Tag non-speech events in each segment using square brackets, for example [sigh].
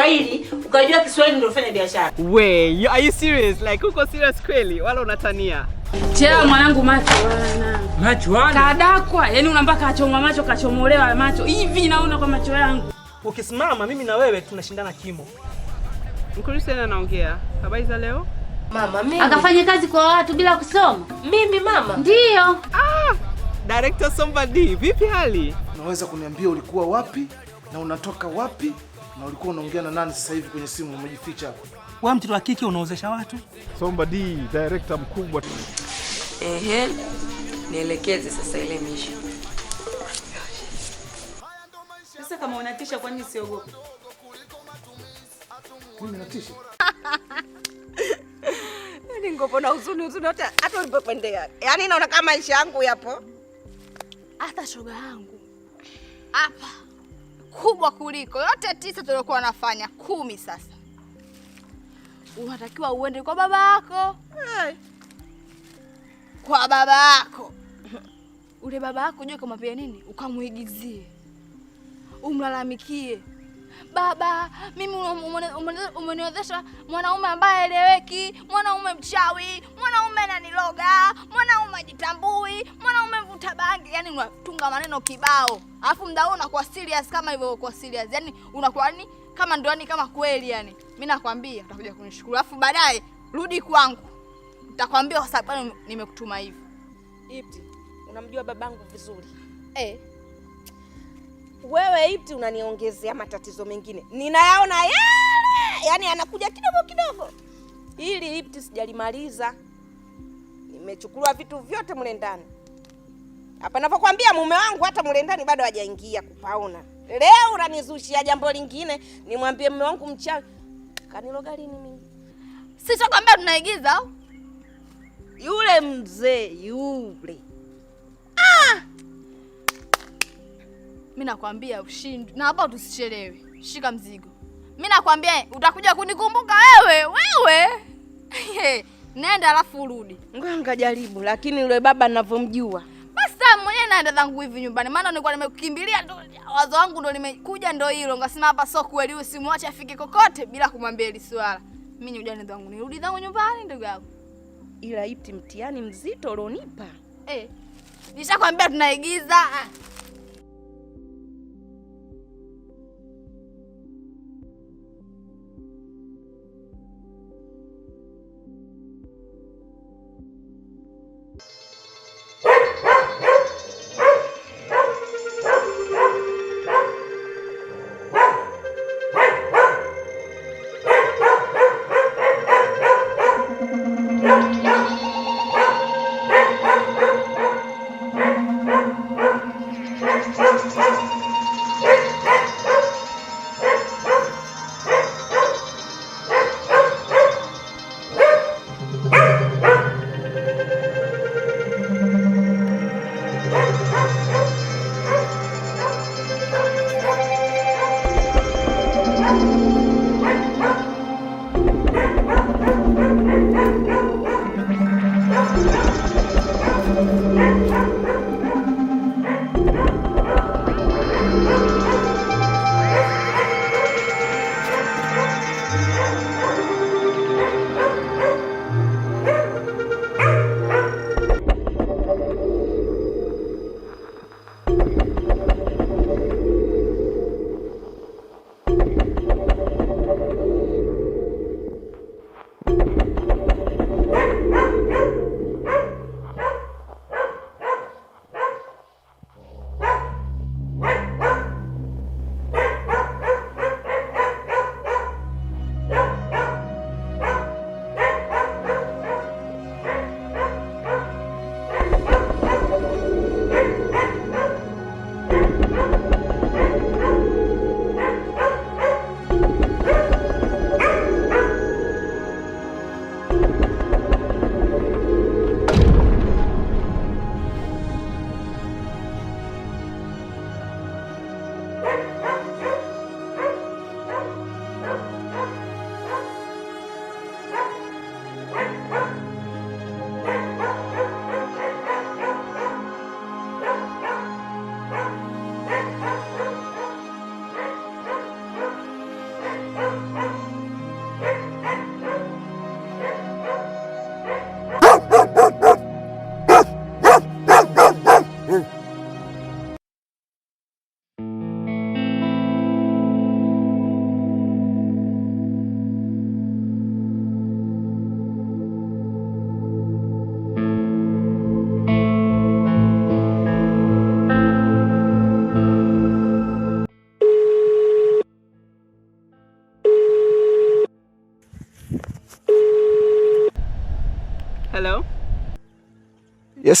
Kiswahili ukajua Kiswahili ndio ufanye biashara. We, you, are you serious? Like uko serious kweli wala unatania? Chea mwanangu macho wana. Macho wana. Kadakwa, yani unaambia kachoma macho kachomolewa macho. Hivi naona kwa macho yangu. Ukisimama mimi na wewe tunashindana kimo. Mkuruhusu anaongea. Habari za leo? Mama mimi. Akafanya kazi kwa watu bila kusoma. Mimi mama. Ndio. Ah, Director Somebody, vipi hali? Unaweza kuniambia ulikuwa wapi na unatoka wapi? Na ulikuwa unaongea na nani sasa hivi kwenye simu umejificha hapo? Wewe mtoto wa kike unaozesha watu? Somba D, director mkubwa. Ehe. Nielekeze sasa ile mishi. Sasa kama unatisha kwa nini siogope? Mimi natisha. [laughs] Yaani ngopo na huzuni huzuni hata hata ulipopendea. Yaani naona kama maisha yangu yapo. Hata shoga yangu. Hapa kubwa kuliko yote tisa tuliokuwa wanafanya kumi. Sasa unatakiwa uende kwa baba yako hey. Kwa baba yako ule baba yako ujue kamwambia nini, ukamwigizie, umlalamikie, baba, mimi umeniwezesha mwanaume ambaye eleweki, mwanaume mchawi, mwanaume naniloga mwanaume yani unatunga maneno kibao, alafu mda huo unakuwa serious kama hivyo, yaani unakuwa serious yani unakuwa ni kama ndo yani kama kweli yani. Mimi nakwambia utakuja kunishukuru, alafu baadaye rudi kwangu, nitakwambia kwa sababu nimekutuma hivi. Ipti, unamjua babangu vizuri eh? Wewe Ipti unaniongezea matatizo mengine ninayaona yale, yani anakuja kidogo kidogo. Ili Ipti sijalimaliza, nimechukua vitu vyote mle ndani hapa ninavyokuambia, mume wangu hata mule ndani bado hajaingia kupaona. Leo unanizushia jambo lingine, nimwambie mume wangu mchawi kaniloga lini mimi? Sishakwambia tunaigiza yule mzee yule. Ah! Mimi nakwambia ushindwe, na hapa, tusichelewe, shika mzigo. Mimi nakwambia utakuja kunikumbuka wewe, wewe [laughs] nenda, alafu urudi. Ngoja ngajaribu, lakini yule baba ninavyomjua naenda zangu hivi nyumbani, maana nilikuwa nimekimbilia ndo wazo wangu ndo nimekuja ndo hilo, ngasema hapa sio kweli, usimwache afike kokote bila kumwambia hili swala. Mimi ni zangu nirudi zangu nyumbani, ndugu yangu. Ila iti mtihani mzito ulionipa eh, nishakwambia tunaigiza.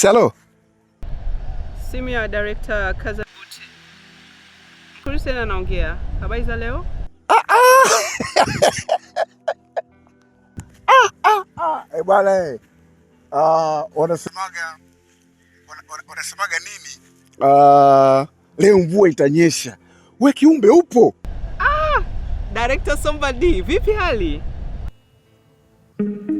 Hello. Senior Director Kaza Buti. Kuruhusu anaongea. Habari za leo? Ah ah. ah ah ah. Eh, bwana. Eh. Ah, wanasemaga wanasemaga nini? Ah, leo mvua itanyesha. We kiumbe upo? Ah, Director Somebody, vipi hali? Mm -hmm.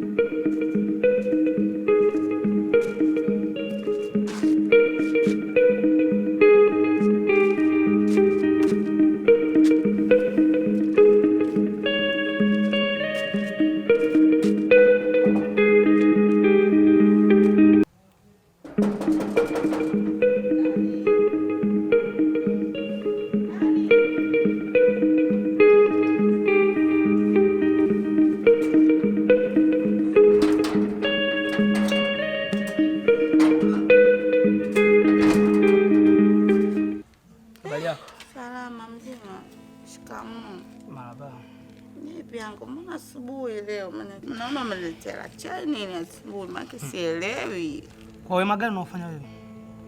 gani unaofanya wewe?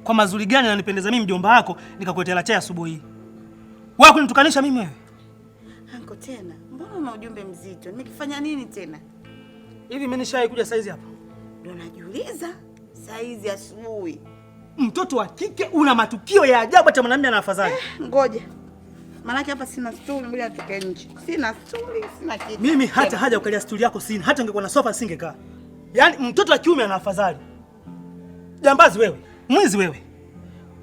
Kwa mazuri gani ananipendeza mimi mjomba wako nikakuletea la chai asubuhi hii? Wewe kunitukanisha mimi wewe? Anko tena. Mbona una ujumbe mzito? Nimekifanya nini tena? Hivi mimi nishai kuja saizi hapa. Ndio najiuliza saizi asubuhi. Mtoto wa kike una matukio ya ajabu hata mwanamume ana afadhali. Eh, ngoja. Maanake hapa sina stuli bila tukae nje. Sina stuli, sina kitu. Mimi hata haja ukalia stuli yako sina. Hata ungekuwa na sofa singekaa. Yaani mtoto wa kiume ana afadhali. Jambazi wewe, mwizi wewe,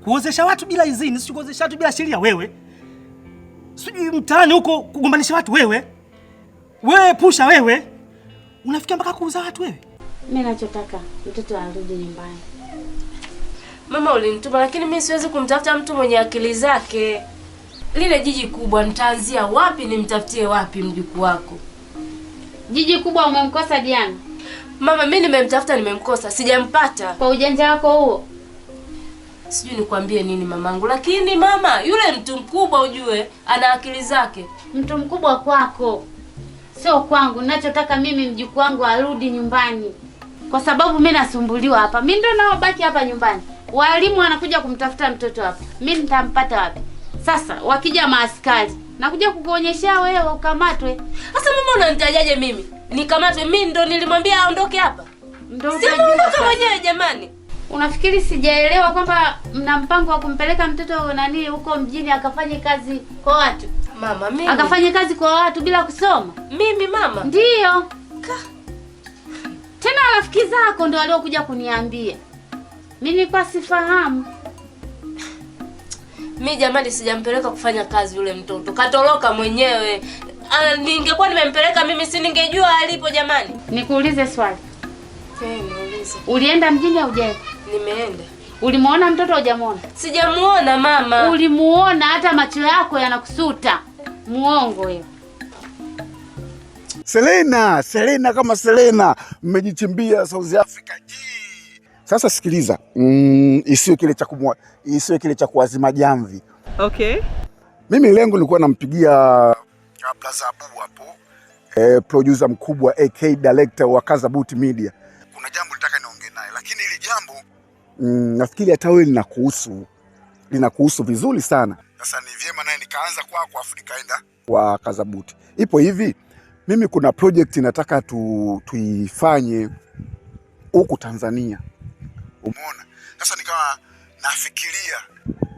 kuozesha watu bila idhini, sio kuozesha watu bila sheria wewe, sijui mtaani huko kugombanisha watu wewe, wewe pusha wewe, unafikia mpaka kuuza watu wewe. Mimi nachotaka mtoto arudi nyumbani. Mama ulinituma, lakini mimi siwezi kumtafuta mtu mwenye akili zake. Lile jiji kubwa, nitaanzia wapi? Nimtafutie wapi mjukuu wako? Jiji kubwa umemkosa Diana. Mama, mi nimemtafuta, nimemkosa, sijampata. Kwa ujanja wako huo, sijui nikwambie nini mamangu. Lakini mama, yule mtu mkubwa, ujue ana akili zake. Mtu mkubwa kwako, sio kwangu. Ninachotaka mimi mjukuu wangu arudi nyumbani, kwa sababu mi nasumbuliwa hapa. Mi ndo naobaki hapa nyumbani, walimu wanakuja kumtafuta mtoto hapa, mi nitampata wapi? Sasa wakija maaskari Nakuja kukuonyesha wewe ukamatwe. Sasa mama unanitajaje mimi? Nikamatwe mimi ndo nilimwambia aondoke hapa. Ndio ondoka mwenyewe jamani. Unafikiri sijaelewa kwamba mna mpango wa kumpeleka mtoto nani huko mjini akafanye kazi kwa watu? Mama mimi. Akafanye kazi kwa watu bila kusoma. Mimi mama. Ndiyo. Tena rafiki zako ndo waliokuja kuniambia. Mimi kwa sifahamu mi jamani, sijampeleka kufanya kazi. Yule mtoto katoroka mwenyewe. Ah, ningekuwa nimempeleka mimi, si ningejua alipo? Jamani, nikuulize swali. Hey, Ulienda mjini au je? Nimeenda. Ulimuona mtoto hujamuona? Sijamuona mama. Ulimuona, hata macho yako yanakusuta. Muongo wewe. Selena, Selena kama Selena, mmejichimbia South Africa. jii. Sasa sikiliza, mm, isiwe kile cha kumwa, isiwe kile cha kuazima jamvi. Okay. Mimi lengo nilikuwa nampigia Plaza Abu hapo, eh, producer mkubwa AK director wa Kaza Boot Media. Kuna jambo nataka niongee naye, lakini ile jambo mm, nafikiri hata wewe linakuhusu. Linakuhusu vizuri sana. Sasa ni vyema naye nikaanza kwa kwa Afrika enda kwa Boot. Ipo hivi, mimi kuna project nataka tu, tuifanye huku Tanzania. Umeona? Sasa nikawa nafikiria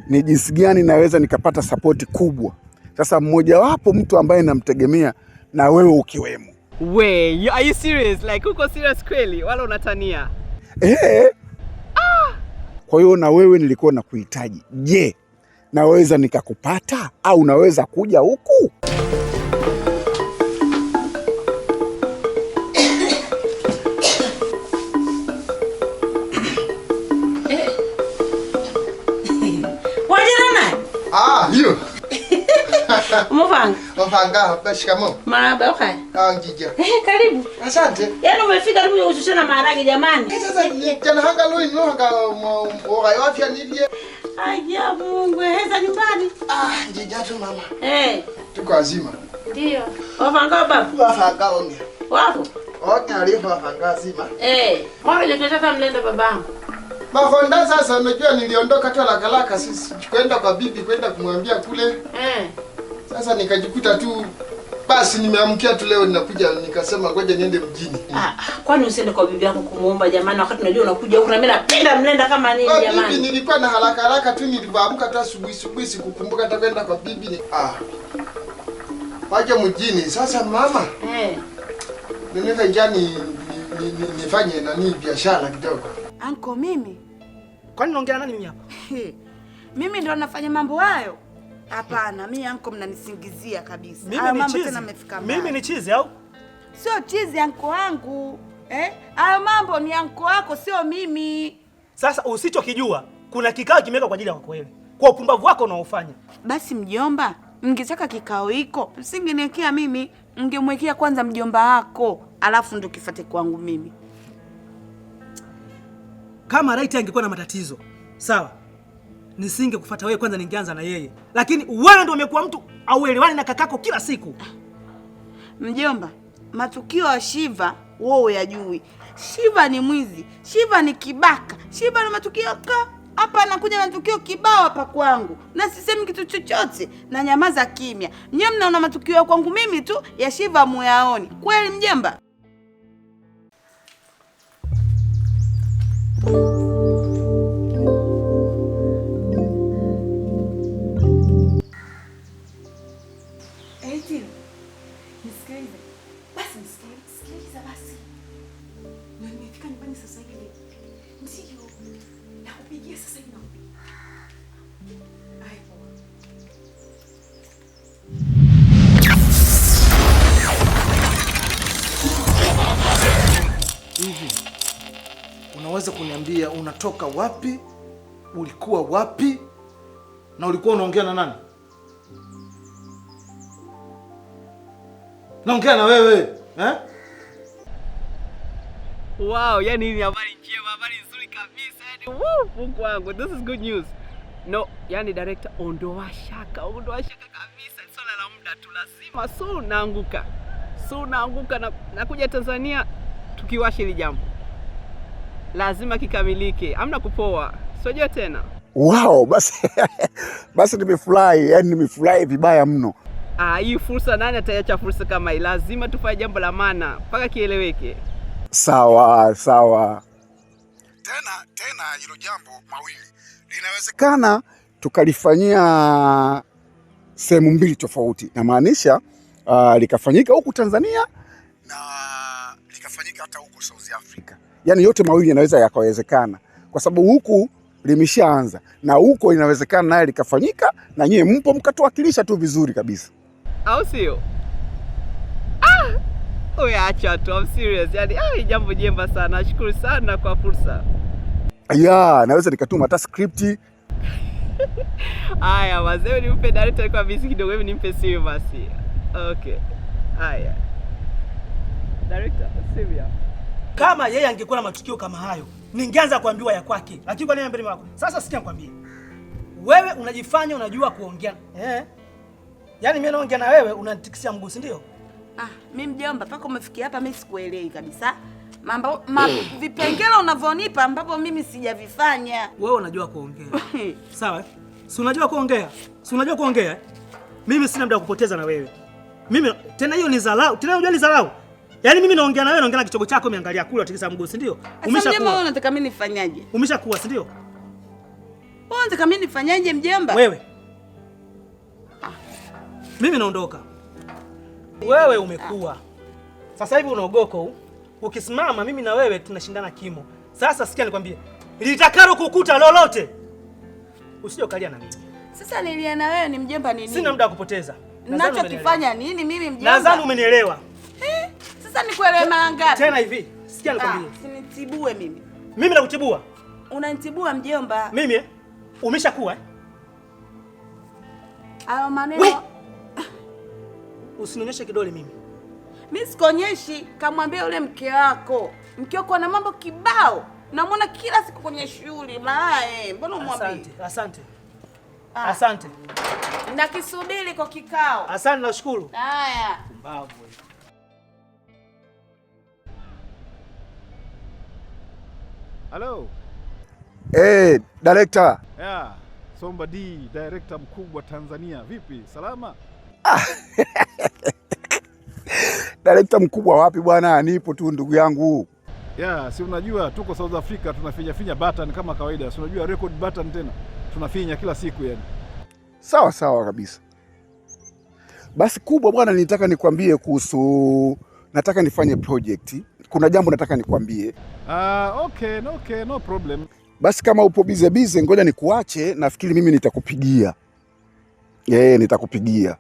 ni jinsi gani naweza nikapata sapoti kubwa. Sasa mmojawapo mtu ambaye namtegemea na wewe ukiwemo. We, you, are you serious? Like uko serious kweli? Wala unatania? Eh. Ah. Kwa hiyo na wewe nilikuwa nakuhitaji. Je, naweza nikakupata au naweza kuja huku? Umevanga? Umevanga, basi kama. Marahaba, okay. Ah, njija. [laughs] Eh, karibu. Asante. Yaani umefika tu kuchochana maharage jamani. Sasa jana hanga leo ni hanga mboga ya afya nilie. Aja Mungu, heza nyumbani. Ah, njija tu mama. Eh. Tuko azima. Ndio. Umevanga baba? Umevanga ombi. Wapo? Onya alipo umevanga azima. Eh. Mbona ile tunataka mlenda babangu? Mafonda sasa, unajua niliondoka tu lakalaka sisi kwenda kwa bibi kwenda kumwambia kule. Eh. Sasa nikajikuta tu basi nimeamkia tu leo ninakuja nikasema ngoja niende mjini. Ah, ah kwani usiende kwa bibi yako kumuomba jamani wakati unajua unakuja huko na mimi napenda mlenda kama nini ah, jamani. Bibi nilikuwa na haraka haraka tu nilipoamka hata asubuhi asubuhi sikukumbuka hata kwenda kwa bibi ni ah. Waje mjini sasa mama. Eh. Hey. Nimefanya jani nifanye ni, ni, ni nani biashara kidogo. Anko mimi. Kwani naongea nani mimi hapa? [laughs] Mimi ndio nafanya mambo hayo. Hapana, mi anko, mnanisingizia kabisa. Mimi ni chizi, mimi ni chizi au sio chizi? Anko wangu eh? hayo Mambo ni anko wako, sio mimi. Sasa usichokijua kuna kikao kimeweka kwa ajili ya wako wewe, kwa upumbavu wako unaofanya. Basi mjomba, mngetaka kikao hiko msingeniwekea mimi, mngemwekea kwanza mjomba wako, alafu ndo kifate kwangu mimi. Kama Raita angekuwa na matatizo sawa nisinge kufata wewe, kwanza ningeanza na yeye, lakini wewe ndio umekuwa mtu auelewani na kakako kila siku. Mjomba, matukio ya Shiva wewe uyajui. Shiva ni mwizi, Shiva ni kibaka, Shiva na matukio ka hapa anakuja na matukio kibao hapa kwangu, na sisemi kitu chochote na nyamaza kimya. Nyewe mnaona matukio ya kwangu mimi tu ya Shiva muyaoni kweli, mjomba? Nitie. Nisikilize. Basi nisikilize. Sikiliza basi. Na nimefika nyumbani sasa hivi. Ndio. Nakupigia sasa hivi nakupigia. Ai poa. Hivi unaweza kuniambia unatoka wapi? Ulikuwa wapi? Na ulikuwa unaongea na nani? naongea na wewe eh? Wow, yani ni habari njema, habari nzuri kabisa. Yani woo, Mungu wangu, this is good news. No, yani director, ondoa shaka, ondoa shaka kabisa. Swala la muda tu, lazima soon naanguka. Soon naanguka na nakuja Tanzania tukiwashi hili jambo. Lazima kikamilike. amna kupoa. Sijua tena. Wow, basi [laughs] basi nimefurahi, yani nimefurahi vibaya mno. Ah, hii fursa nani ataiacha fursa kama hii? Lazima tufanye jambo la maana mpaka kieleweke. Sawa sawa. Tena tena hilo jambo mawili linawezekana tukalifanyia sehemu mbili tofauti, namaanisha uh, likafanyika huku Tanzania na likafanyika hata huku South Africa. Yaani yote mawili yanaweza yakawezekana, kwa sababu huku limeshaanza na huko inawezekana naye likafanyika, na nyie mpo mkatuwakilisha tu vizuri kabisa au sio? Ah, acha tu, I'm serious. Yaani ah, jambo jemba sana. Nashukuru sana kwa fursa. Yeah, naweza nikatuma hata script. [laughs] Haya, wazee nimpe director kwa busy kidogo, mimi nimpe simu basi. Okay. Haya. Director, simu. Kama yeye angekuwa na matukio kama hayo, ningeanza kuambiwa ya kwake. Lakini kwa nini mbele wako? Sasa sikia nikwambie. Wewe unajifanya unajua kuongea. Eh? Yaani mimi naongea na wewe unanitikisia mguu, si ndio? Ah, mimi mjomba, mpaka umefikia hapa mimi sikuelewi kabisa. Mambo ma, vipengele unavyonipa ambapo mimi sijavifanya. Wewe unajua kuongea. [laughs] Sawa? Si unajua kuongea? Si unajua kuongea? Mimi sina muda wa kupoteza na wewe. Mimi tena hiyo ni dharau. Tena unajua ni dharau. Yaani mimi naongea na wewe naongea na kichogo chako miangalia kule atikisa mguu, si ndio? Umeshakuwa. Wewe unataka mimi nifanyaje? Umeshakuwa, si ndio? Wewe unataka mimi nifanyaje mjomba? Wewe mimi naondoka. Wewe umekuwa sasa hivi unaogoko, ukisimama mimi na wewe tunashindana kimo. Sasa sikia nikwambie, litakalo kukuta lolote usije ukalia na mimi. Sasa nilia na wewe ni mjomba nini? Sina muda wa kupoteza. Nachokifanya nini mimi mjomba? Nadhani umenielewa. Eh? Sasa nikuelewe mara ngapi? Tena hivi. Sikia nikwambie. Ah, usinitibue mimi. Mimi nakutibua. Unanitibua mjomba. Mimi eh? Umeshakuwa eh? Hayo maneno Usinionyeshe kidole mimi. Mimi sikuonyeshi, kamwambia yule mke wako. Mke wako ana mambo kibao. Namwona kila siku kwenye shughuli naye. Mbona umwambie? Asante, asante. Ah. Asante. Nakisubiri kwa kikao. Asante, nashukuru. Haya. Mbavu. Hello. Eh, hey, director. Yeah. Somba D, director mkubwa Tanzania. Vipi? Salama? [laughs] Direkta mkubwa wapi bwana, nipo tu ndugu yangu. Yeah, si unajua tuko South Africa tunafinya finya button kama kawaida. Si unajua record button tena. Tunafinya kila siku yani. Sawa sawa kabisa. Basi kubwa bwana, nitaka nikwambie kuhusu nataka nifanye project. Kuna jambo nataka nikwambie. Ah, uh, okay, no, okay, no problem. Basi kama upo bize bize, ngoja nikuache, nafikiri mimi nitakupigia. Eh, yeah, nitakupigia.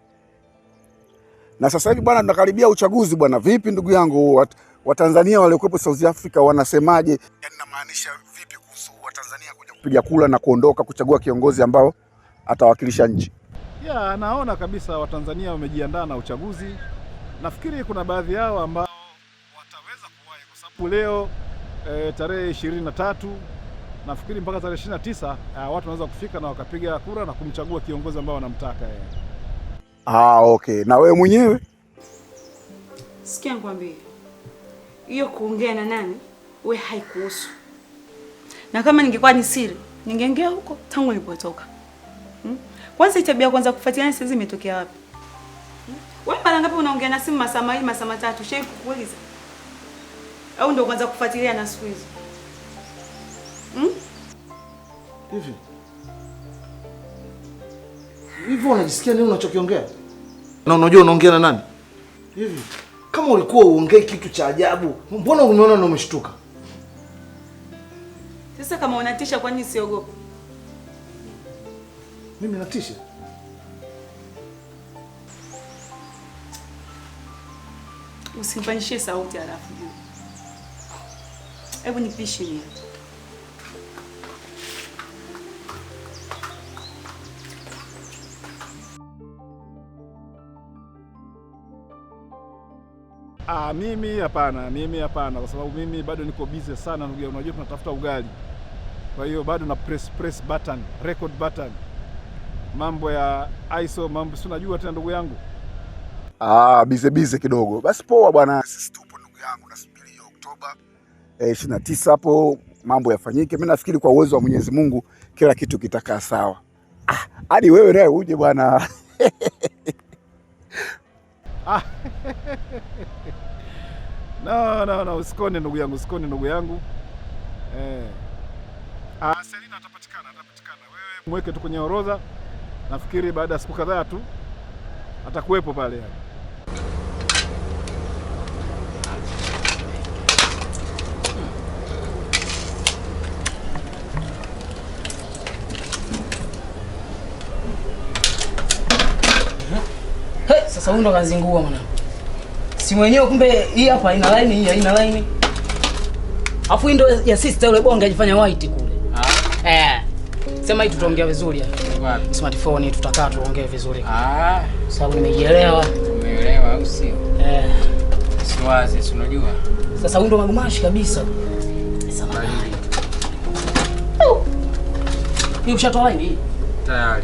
Na sasa hivi bwana, tunakaribia uchaguzi bwana. Vipi ndugu yangu, wat, Watanzania waliokuwepo South Africa wanasemaje? Yaani namaanisha vipi kuhusu Watanzania kuja kupiga kula na kuondoka kuchagua kiongozi ambao atawakilisha nchi? Ya, naona kabisa Watanzania wamejiandaa na uchaguzi. Nafikiri kuna baadhi yao ambao wataweza kuwahi kwa sababu leo e, tarehe ishirini na tatu nafikiri mpaka tarehe ishirini na tisa eh, watu wanaweza kufika na wakapiga kura na kumchagua kiongozi ambao wanamtaka yeye. Ah, okay. Na wewe mwenyewe sikia, nikwambie hiyo kuongea na nani we haikuhusu, na kama ningekuwa ni siri ningeongea huko tangu nilipotoka. Hmm? Kwanza itabia kwanza kufuatilia sisi imetokea wapi? Hmm? Wewe mara ngapi unaongea na simu masaa mawili masaa matatu? Shei kukuuliza. Au ndio kwanza kufuatilia na siku hizo? Hmm? Hivi. Hivi unajisikia nini unachokiongea? Na unajua unaongea na nani? Hivi kama ulikuwa uongee kitu cha ajabu, mbona umeona na umeshtuka? Sasa kama unatisha, kwa nini siogopi? Mimi natisha? Usimpanishie sauti halafu juu. Hebu nipishe mimi. Ah, mimi hapana, mimi hapana, kwa sababu mimi bado niko busy sana ndugu, unajua tunatafuta ugali, kwa hiyo bado na press press button, record button, mambo ya ISO, mambo si unajua tena ndugu yangu. Ah, busy busy kidogo. Basi poa bwana, sisi tupo ndugu yangu, nasubiri hiyo Oktoba eh, 29 hapo mambo yafanyike. Mimi nafikiri kwa uwezo wa Mwenyezi Mungu kila kitu kitakaa sawa. Ah, hadi wewe naye uje bwana [laughs] ah. [laughs] No, no, no, usikone ndugu yangu, usikone ndugu yangu eh. Ah, Selina atapatikana, atapatikana. Wewe mweke tu kwenye orodha, nafikiri baada ya siku kadhaa tu atakuwepo pale yani. Sasa huyu ndo kazingua mwanangu simu yenyewe kumbe hii hapa ina line hii haina line. Afu hii ndo ya sister yule bonge ajifanya white kule. Ah. Eh. Sema hii tutaongea vizuri ya. Wapi? Smartphone tutakaa tuongee vizuri. Ah. Sababu nimejielewa. Umeelewa au sio? Eh. Siwazi, si unajua. Sasa huyu ndo magumashi kabisa. Sasa. Hii ushatoa line hii? Tayari.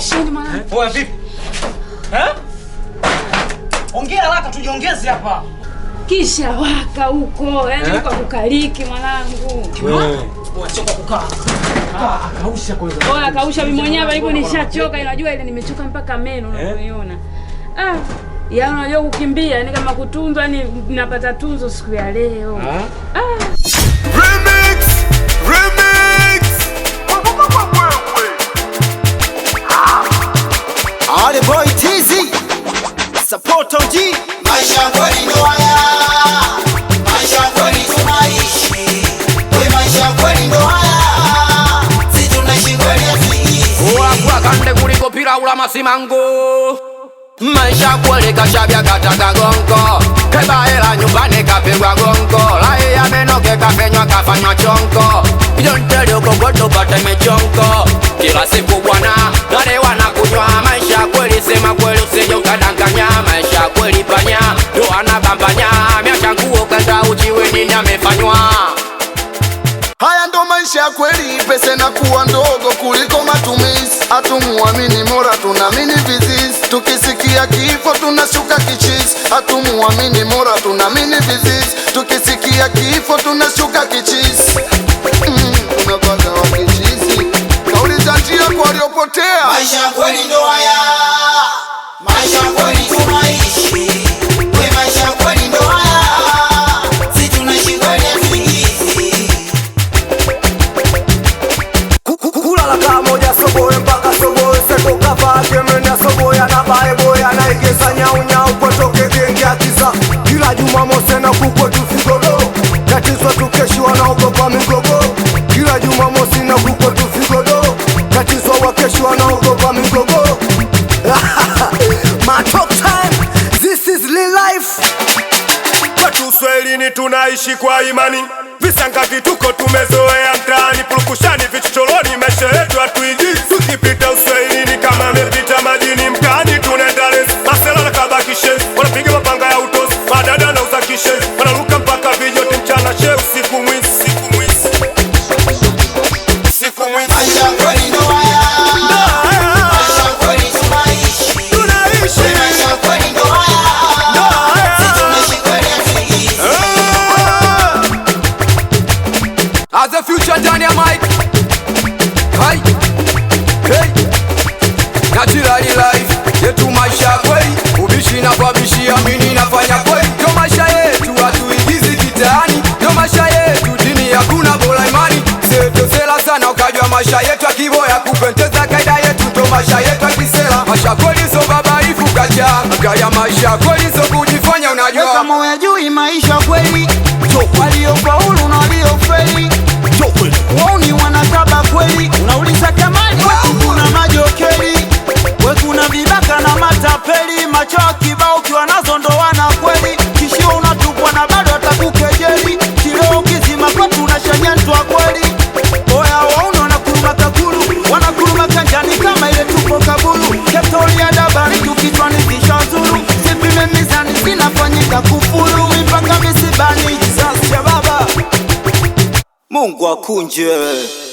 Isheni mwanangu. Poa eh, vipi? Eh? Ongea haraka tujiongeze hapa. Kisha waka huko, yani eh? Kwa kukaliki mwanangu. Wacha eh. kwa kukaa. Ah, kausha kwanza. Bora kausha mimi mwenyewe bali nishachoka, unajua ile nimechoka mpaka meno eh? unaiona. Ah. Ya unajua kukimbia ni kama kutunzwa, yani napata tunzo siku ya leo. ah. ah. support OG. Maisha ngori ndo haya, maisha ngori tunaishi, we maisha ngori ndo haya, si tunaishi kweli asiki. Uwa kwa kande kuliko pira ula masimango. Maisha kweli kashabia kataka gongo, keba hela nyumbani kapigwa gongo, lai ya meno ke kafenywa kafanywa chonko, ijo ntele kogoto godo pate mechonko, kila siku bwana nalewa na maisha ya kweli, pesa inakuwa ndogo kuliko matumizi. Hatumuamini Mola, tunaamini vizizi. Tukisikia kifo tunashuka kichizi. Hatumuamini Mola, tunaamini vizizi. Tukisikia kifo tunashuka kichizi. Mm, unapata wakichizi kauli za njia kwa waliopotea. Maisha ya kweli ndogo yako lizo baba ifu kaja kaya maisha yako lizo kujifanya unajua weka moyo juu maisha kweli waliofaulu na walio wauni wanasaba kweli unauliza kamani wow. Wetu kuna majokeli wekuna vibaka na matapeli macho kibao mizani zinafanyika kufuru mipaka misibani. Kizazi baba, Mungu akunje.